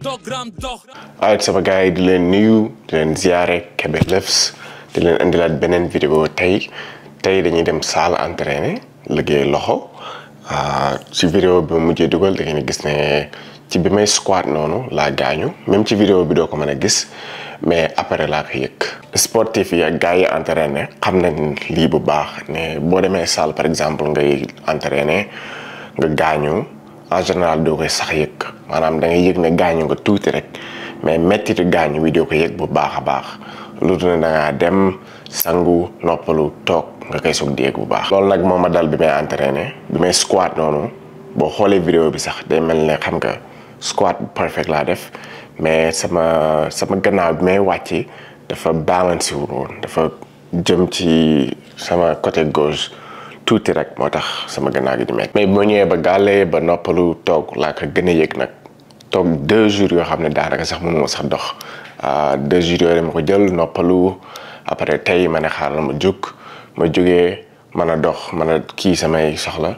dogram dox sama gars yi di leen nuyu di leen ziare Kebe Loves di leen indilaat beneen vidéo tey tey dañuy dem salle entraîner liggéey loxo si ah, vidéo bi mujjee dugal da ngeen gis ne ci bi may squat noonu laa gaañu même ci vidéo bi doo ko mën a gis mais après laa ko yëg sportif yi ak gars yi entraîner xam nañ lii bu baax ne boo demee salle par exemple ngay entraîner nga gaañu en général doo koy sax yëg maanaam da ngay yëg ne gaañu nga tuuti rek mais mettitu gaañu bi doo ko yëg bu baax a baax lu dul ne da ngaa dem sangu noppalu toog nga koy soog di yëg bu baax. loolu nag moom ma dal bi may entraîné bi may squat noonu boo xoolee vidéo bi sax day mel ne xam nga squat perfect laa def mais sama sama gannaaw bi may wàcc dafa balancé wu dafa jëm ci sama côté gos tuuti rek moo tax sama gannaaw gi di metti mais boo ñëwee ba gàllee ba noppalu toog laa ko gën a yëg nag toog deux jours yoo xam ne daanaka sax mënuma sax dox ah, deux jours yooyu ma ko jël noppalu après tey ma ne xaaral ma jóg ma jógee mën a dox man a kii samay soxla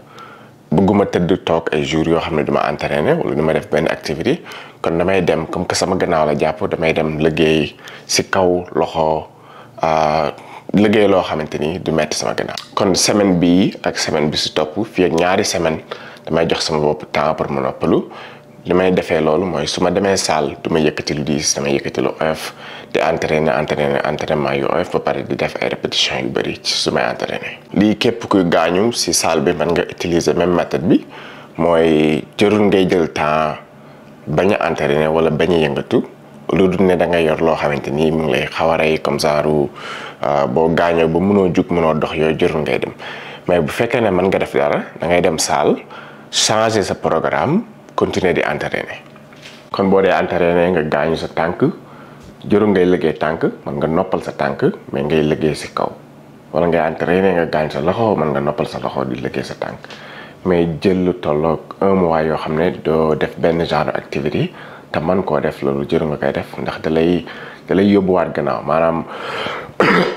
bugguma tëdd toog ay jours yoo xam ne duma entraîné wala duma def benn activité kon damay dem comme que sama gannaaw la jàpp damay dem liggéey si kaw loxo ah, liggéey loo xamante ni du metti sama kon semaine bii ak semaine bi si topp fii ñaari semaine damay jox sama bopp temps pour ma noppalu li may defee loolu mooy su ma demee salle du ma yëkkati lu diis damay yëkkati lu oyof di entraîner entraîner entraînement yu oyof di def ay répétition yu bëri ci lii képp kuy gaañu si salle bi man nga utiliser même méthode bi mooy jërul ngay jël temps bañ a entraîner wala bañ a yëngatu lu du ne da nga yor loo xamante ni mu ngi lay xaw a rey comme genre Euh, boo gaañoo ba mënoo jug mënoo dox yooyu jërul ngay dem mais bu fekkee ne mën nga def dara da ngay dem salle changer sa programme continuer di entraîner kon boo dee entraîner nga gaañu sa tànk jërul ngay liggéey tànk mën nga noppal sa tànk mais ngay liggéey si kaw wala ngay entraîner nga gaañ sa loxo mën nga noppal sa loxo di liggéey sa tànk mais jël lu tolloog un yoo xam ne doo def benn genre activité te man koo def loolu jëru nga koy def ndax da lay da lay yóbbuwaat gannaaw maanaam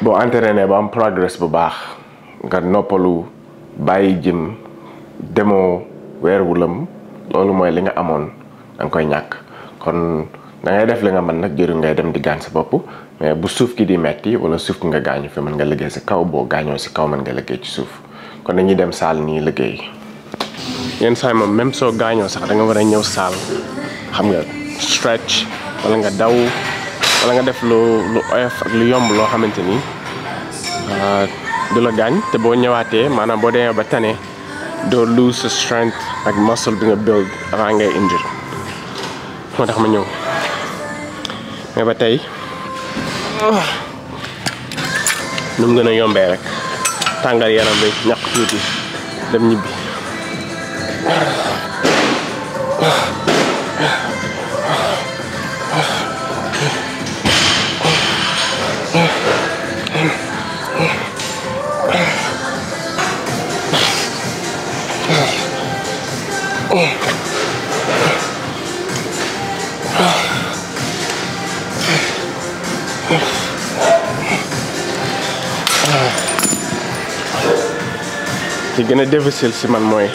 boo entraîné ba am progress bu baax nga noppalu bàyyi jëm demoo weer wu lëm loolu mooy li nga amoon danga koy ñàkk kon da ngay def li nga mën nag jëru ngay dem di gaañ sa bopp mais bu suuf ki di metti wala suuf ki nga gaañu fi mën nga liggéey si kaw boo gaañoo si kaw man nga liggéey ci suuf kon dañuy dem saal nii liggéey yenn saa yi moom même soo gaañoo sax danga war a ñëw saal xam nga stretch wala nga daw wala nga def lu yomb loo xamante ni ah, du la gaañ te boo ñëwaatee maanaam boo demee ba tane doo lose sa ak muscle bi nga build avant ngay injure moo tax ma ñëw mais ba tey nu mu gën a yombee rek tàngal yaram bi ñàkk tuuti dem ñibbi. gën a difficile si man mooy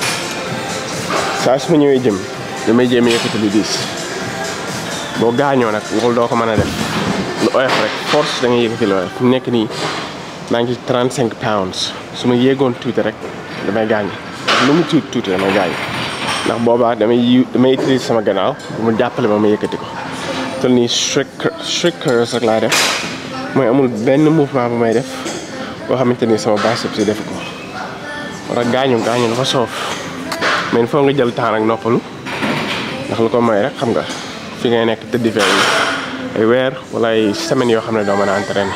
saa su ma ñëwee jëm damay jéem yëkkati lu diis boo gaañoo nag loolu doo ko mën a def lu oyof rek force da ngay yëkkati ku oyof nekk nii maa ngi trent cinq pounds su ma yéegoon tuuti rek damay gaañu lu mu tuuti tuuti damay gaañu ndax boobaa damay yiw damay utiliser sama gannaaw bu mu jàppale ma ma yëkkati ko te nii strict strict rek laay def mooy amul benn mouvement bu may def boo xamante ni sama biceps si def ko. war a gaañu gaañu dafa soof mais foo nga jël temps ak noppalu ndax lu ko may rek xam nga fi ngay nekk tëddi fee ay weer wala ay semaines yoo xam ne doo mën a entraîné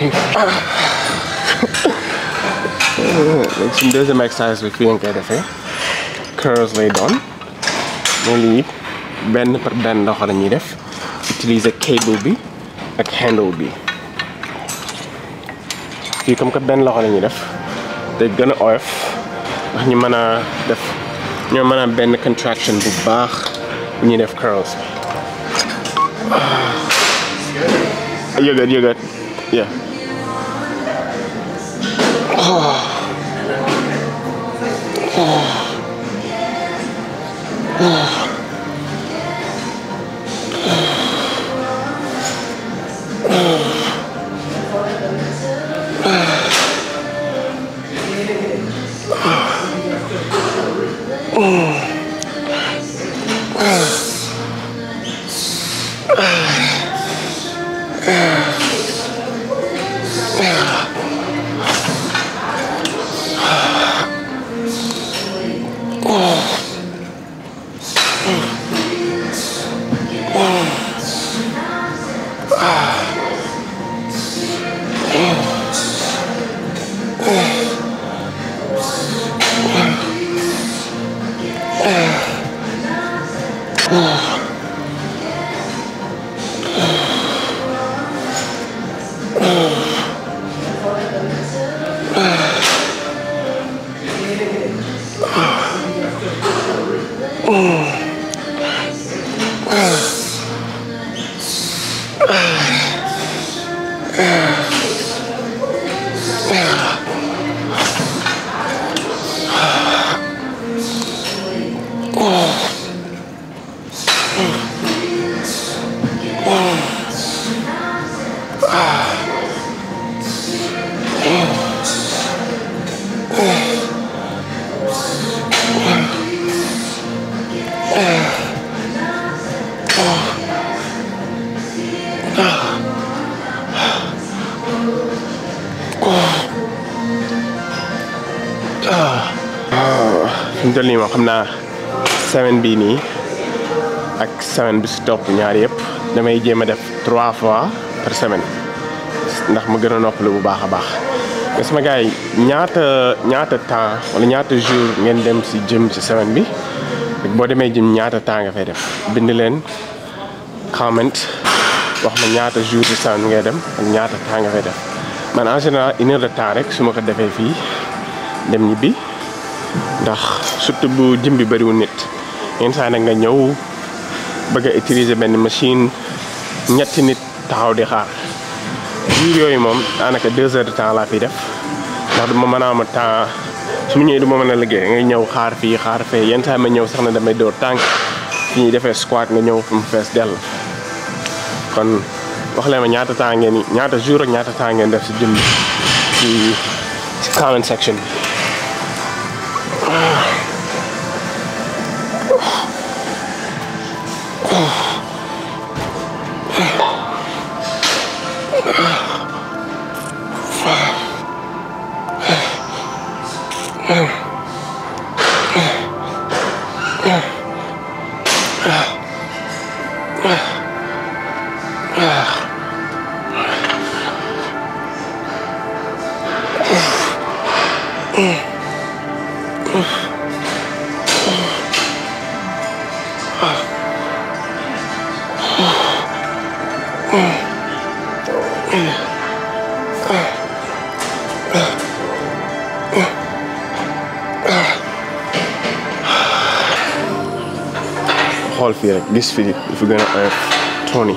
ñu def su léegi suñ deuxième exercice bi koy defee curls lay doon moo li benn par benn loxo la ñuy def utiliser cable bi ak handle bi fii comme que benn loxo la ñuy def day gën a oyof ndax ñu mën a def ñoo mën a benn contraction bu baax bu ñuy def curls bi ah. yëgat Oh. Oh. mu toll nii moom xam naa semaine bii nii ak semaine bi si topp ñaar yëpp damay jéem a def trois fois par semaine ndax ma gën a noppalu bu baax a baax. mais sama gars yi ñaata ñaata temps wala ñaata jour ngeen dem si jëm ci semaine bi boo demee jëm ñaata temps nga fay def bind leen comment wax ma ñaata jour si semaine bi ngay dem ak ñaata temps nga de temps rek su ma ko defee fii dem ñibbi. ndax surtout bu jëm bi bëriwul nit yenn saa nag nga ñëw bëgg a utiliser benn machine ñetti nit taxaw di xaar jur yooyu moom daanaka deux heures de temps laa fiy def ndax du ma mën a am temps su ma ñëwee du ma mën a liggéey ngay ñëw xaar fii xaar fee yenn saa ma ñëw sax na damay door tànk fi ñuy defee squat na ñëw mu fees dell kon wax leen ma ñaata temps ngeen ñaata jour ak ñaata temps ngeen def si jëm ci comment section bi xool fii rek gis fii dafa gën a oyof tuuni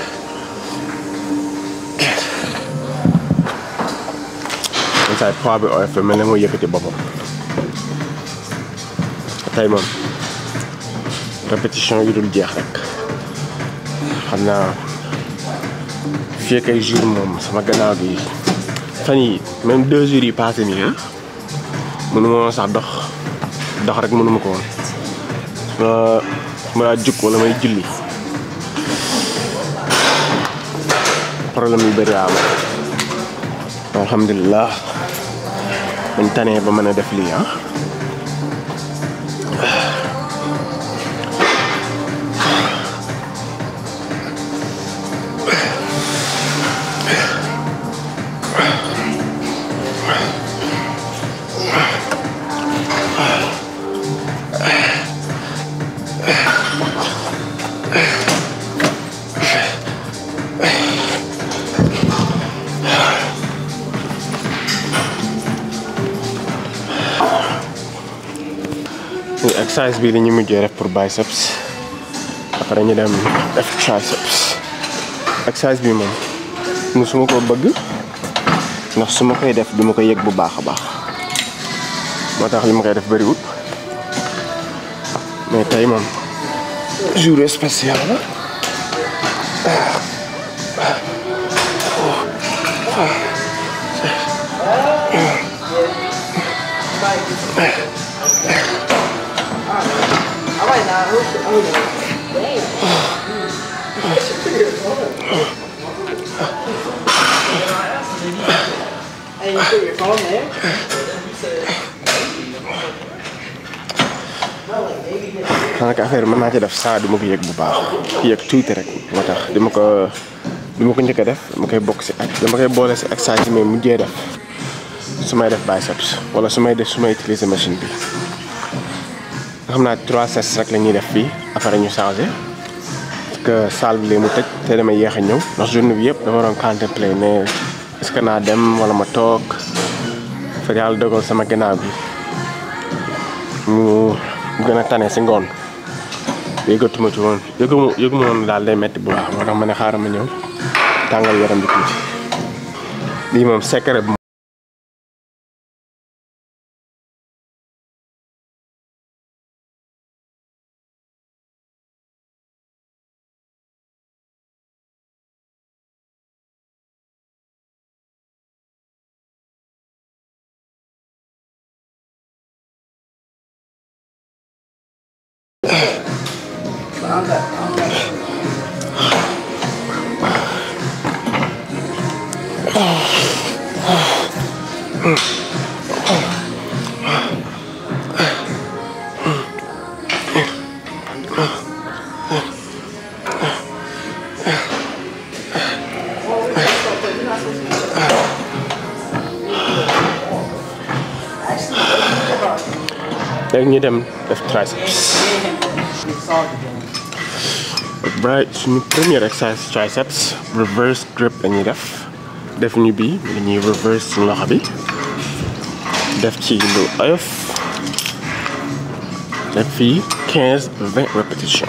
saay poids bi oyof la mel ne mooy yëkkati boppam tey moom répétition yi dul jeex rek xam naa fii ak ay moom sama gannaaw bi fan yi même deux jours yi passé nii ah woon sax dox dox rek mënu ma ko woon su ma daa jukk wala may julli problème yu bëri laa am alhamdulilah bañ tanee ba mën a def lii ah. exercice bii dañuy mujjee rek pour biceps après ñu dem def triceps exercice bi moom musuma ko bëgg ndax su ma koy def duma ko yëg bu baax a baax moo tax li ma koy def bëriwul mais tey moom jour spécial la ah, ah, ah. daanaka affaire mën naa ci def saa du ma ko yëg bu baax yëg tuuti rek moo tax dama ko dama ko njëkk def dama koy bokk ci ak dama koy boole si ak saa si mais mujjee def su may def biceps wala su may def su may utiliser machine bi. xam naa trois sets rek la ñuy def fii après ñu changé parce que salle mu tëj te damay yéex a ñëw ndax journée bi yëpp dama doon contemplé ne est naa dem wala ma toog fa yàlla sama gannaaw bi mu gën a tane si ngoon yëgatuma ci woon yëguma yëguma daal de métti bu baax moo tax ma ne xaaral ma ñëw tàngal yaram bi tuuti lii moom secret ñu dem def triceps bra suñu première exercice triceps reverse grip la ñuy def def ñu bi dañuy reverse suñu loxo bi def ci lu oyof def fii 15 20 répétition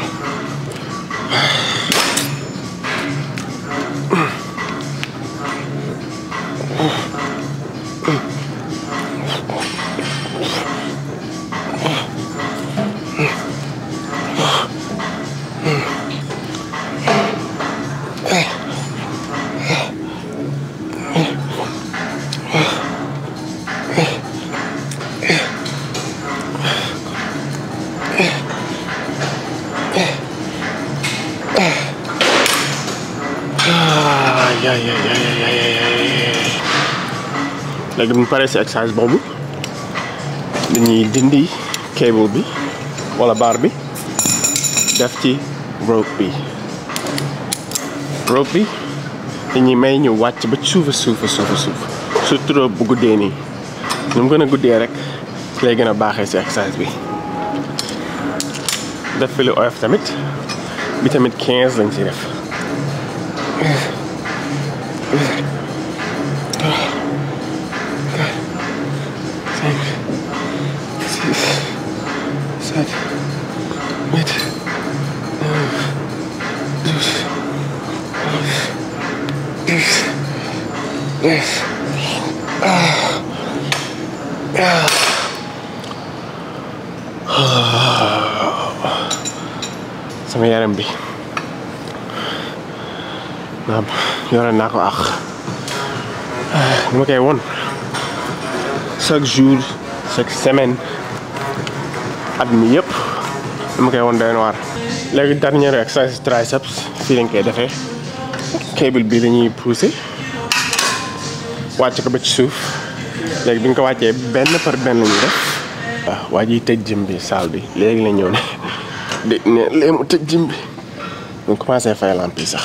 léegi mu paree si exercice boobu dañuy dindi cable bi wala baar bi def ci rope bi rope bi dañuy may ñu wàcc ba suuf a suuf a suuf a suuf surtout rope bu guddee nii nu mu gën a guddee rek lay gën a baaxee si exercice bi def fi lu oyof tamit bi tamit 15 lañ si def sama yaram bi naam yore naa ko nu ma koy woon chaque jour chaque semaine at mi mu koy woon doy waar. léegi dernier exercice triceps fii lañ koy defee cable bi la ñuy wàcc ko ba ci suuf léegi bi ko wàccee benn par benn ñu def. waaw waa jiy tëj jëm bi saal bi léegi la ñëw ne de mu tëj jëm bi mu commencé fay lamp yi sax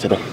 ci dem.